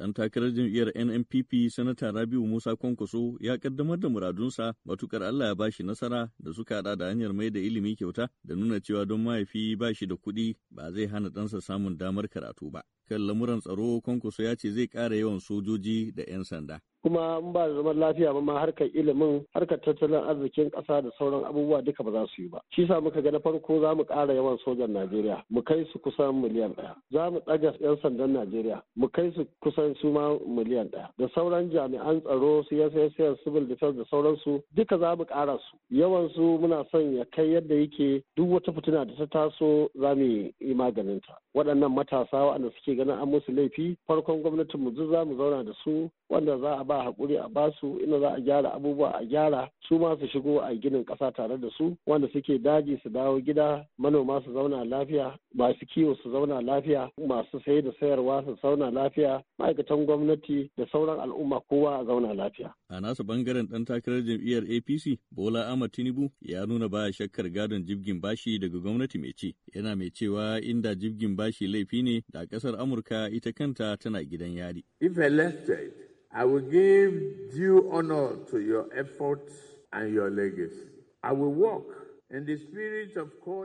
Ɗan takarar jam'iyyar NNPP Sanata Rabiu Musa Kwankwaso ya ƙaddamar da muradunsa matukar Allah ya bashi nasara da suka haɗa da hanyar mai da ilimi kyauta da nuna cewa don mahaifi bashi da kuɗi ba zai hana ɗansa samun damar karatu ba. kan lamuran tsaro kwankwaso ya ce zai kara yawan sojoji da 'yan sanda. kuma in ba da zaman lafiya ba ma harkar ilimin harkar tattalin arzikin ƙasa da sauran abubuwa duka ba za su yi ba shi sa muka ga na farko za mu ƙara yawan sojan najeriya mu kai su kusan miliyan ɗaya za mu ɗaga yan sandan najeriya mu kai su kusan su ma miliyan ɗaya da sauran jami'an tsaro su yasayasayar civil defense da sauransu duka za mu ƙara su yawan su muna son ya kai yadda yake duk wata fitina da ta taso za mu yi maganinta waɗannan matasa waɗanda suke ganin an musu laifi farkon gwamnatin mu za mu zauna da su wanda za a ba hakuri a basu inda za a gyara abubuwa a gyara su ma su shigo a ginin kasa tare da su wanda suke daji su dawo gida manoma su zauna lafiya masu kiwo su zauna lafiya masu saye da sayarwa su zauna lafiya ma'aikatan gwamnati da sauran al'umma kowa a zauna lafiya. A nasu bangaren dan takarar jam'iyyar APC Bola Ahmad Tinubu ya nuna baya shakkar gadon jibgin bashi daga gwamnati mai ce yana mai cewa inda jibgin bashi laifi ne da kasar Amurka Amurka ita kanta tana gidan yari. If elected, I will give due honor to your efforts and your legacy. I will work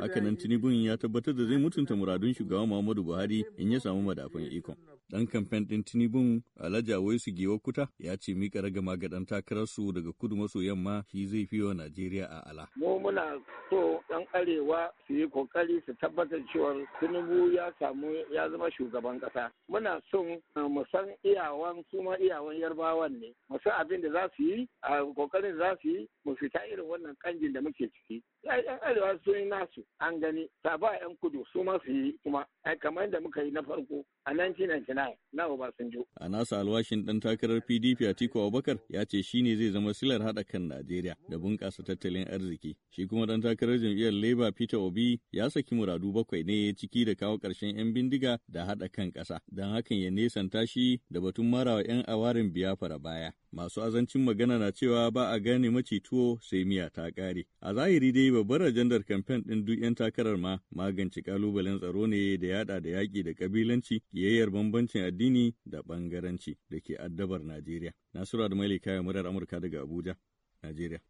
Hakanan Tinubun ya tabbatar da zai mutunta muradun shugaban Muhammadu Buhari in ya samu madafun ikon. Dan kamfen ɗin Tinubun Alhaji su Gewa Kuta ya ce mika ragama ga ɗan takararsu daga kudu maso yamma shi zai fi wa Najeriya a ala. Mu muna so dan arewa su yi kokari su tabbatar cewa Tinubu ya samu ya zama shugaban kasa Muna son uh, mu san iyawan su ma iyawan yarbawan ne. Mu san abin da za su yi a kokarin za su yi mu fita irin wannan kanjin da muke ciki. ai yan arewa sun yi nasu an gani ta ba yan kudu su ma su yi kuma kamar yadda muka yi na farko a 1999 na jo. A nasa alwashin dan takarar PDP Atiku Abubakar ya ce shi ne zai zama silar haɗa kan Najeriya da bunƙasa tattalin arziki. Shi kuma dan takarar jam'iyyar Labour Peter Obi ya saki muradu bakwai ne ya ciki da kawo ƙarshen 'yan bindiga da haɗa kan ƙasa. Don hakan ya nesanta shi da batun marawa 'yan awarin biyafara baya. masu azancin magana na cewa ba a gane maci tuwo sai miya ta ƙare. A zahiri dai babbar ajandar kamfen ɗin duk 'yan takarar ma magance ƙalubalen tsaro ne da yada da yaƙi da kabilanci, ƙiyayyar bambancin addini da bangaranci da ke addabar Najeriya. Nasiru Adamali ya murar Amurka daga Abuja, Najeriya.